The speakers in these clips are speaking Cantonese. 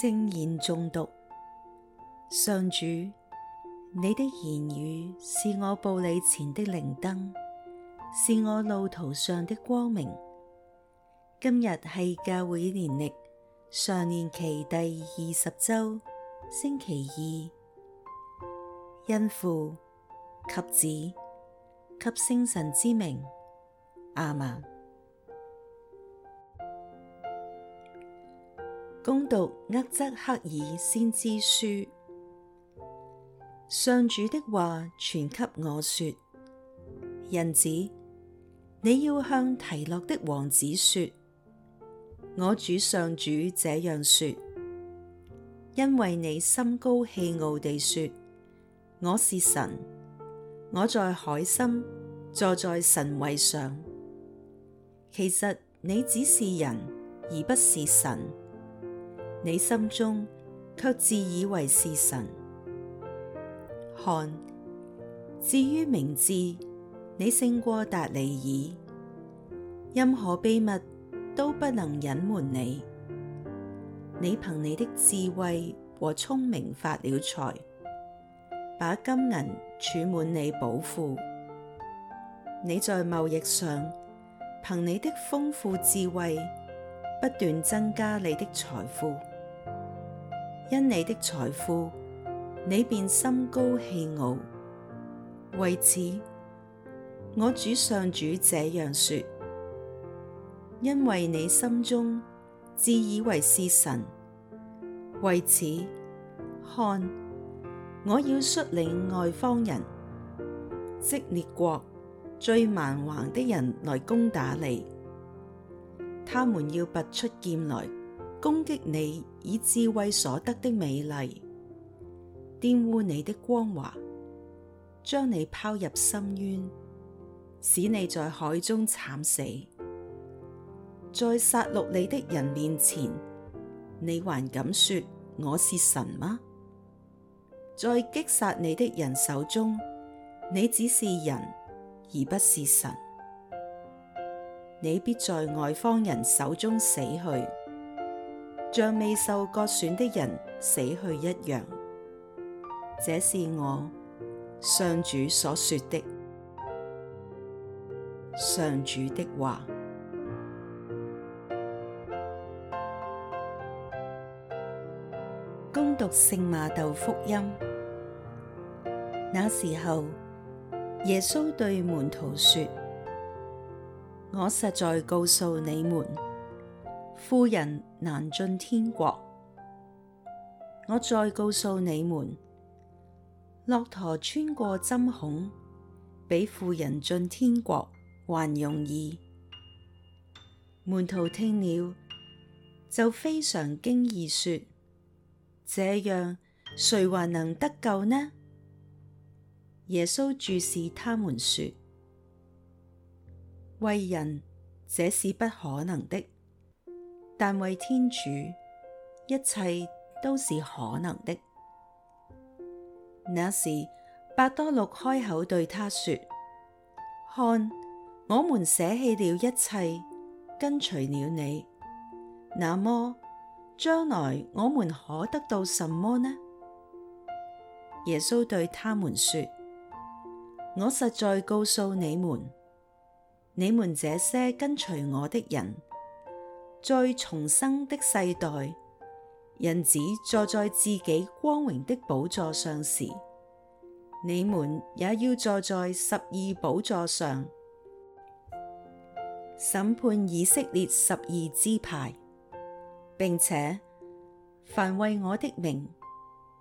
聖言誦讀。上主，你的言語是我步履前的靈燈，是我路途上的光明。今日係教會年曆常年期第二十周星期二，因父及子及聖神之名，阿門。恭讀厄則克耳先知書，上主的話傳給我說：人子，你要向提洛的王子說，我主上主這樣說，因為你心高氣傲地說我是神，我在海心坐在神位上，其實你只是人，而不是神。你心中卻自以為是神。看，至於明智，你勝過達尼爾，任何秘密都不能隱瞞你。你憑你的智慧和聰明發了財，把金銀儲滿你寶庫。你在貿易上，憑你的豐富智慧，不斷增加你的財富。因你的財富，你便心高氣傲。為此，我主上主這樣說：因為你心中自以為是神。為此，看，我要率領外方人，即列國最蠻橫的人來攻打你，他們要拔出劍來。攻擊你以智慧所得的美麗，玷污你的光華，將你拋入深淵，使你在海中慘死。在殺戮你的人面前，你還敢說我是神嗎？在擊殺你的人手中，你只是人，而不是神。你必在外方人手中死去。像未受割損的人死去一樣，這是我上主所說的。上主的話。恭 讀聖瑪竇福音，那時候耶穌對門徒說：我實在告訴你們。富人難進天國。我再告訴你們，駱駝穿過針孔，比富人進天國還容易。門徒聽了，就非常驚異，說：這樣，誰還能得救呢？耶穌注視他們，說：為人，這是不可能的。但為天主，一切都是可能的。那時，伯多祿開口對他說：看，我們捨棄了一切，跟隨了你。那麼，將來我們可得到什麼呢？耶穌對他們說：我實在告訴你們，你們這些跟隨我的人。在重生的世代，人子坐在自己光榮的寶座上時，你們也要坐在十二寶座上，審判以色列十二支派，並且凡為我的名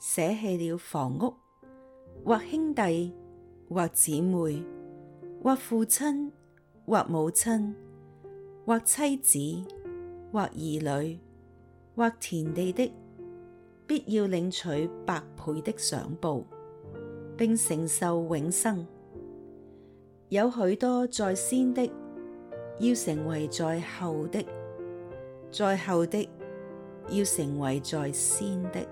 捨棄了房屋、或兄弟、或姊妹、或父親、或母親、或妻子。或兒女，或田地的，必要領取百倍的賞報，並承受永生。有許多在先的，要成為在後的；在後的，要成為在先的。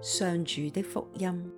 上主的福音。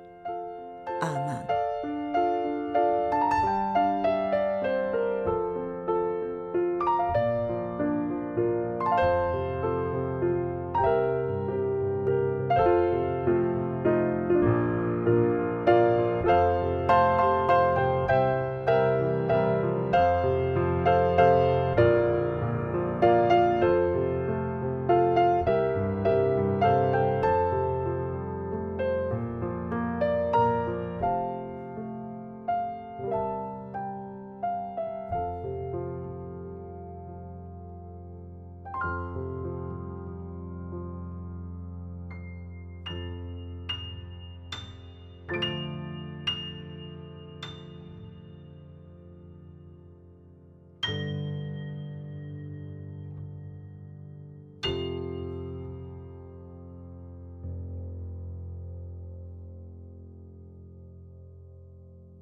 阿曼。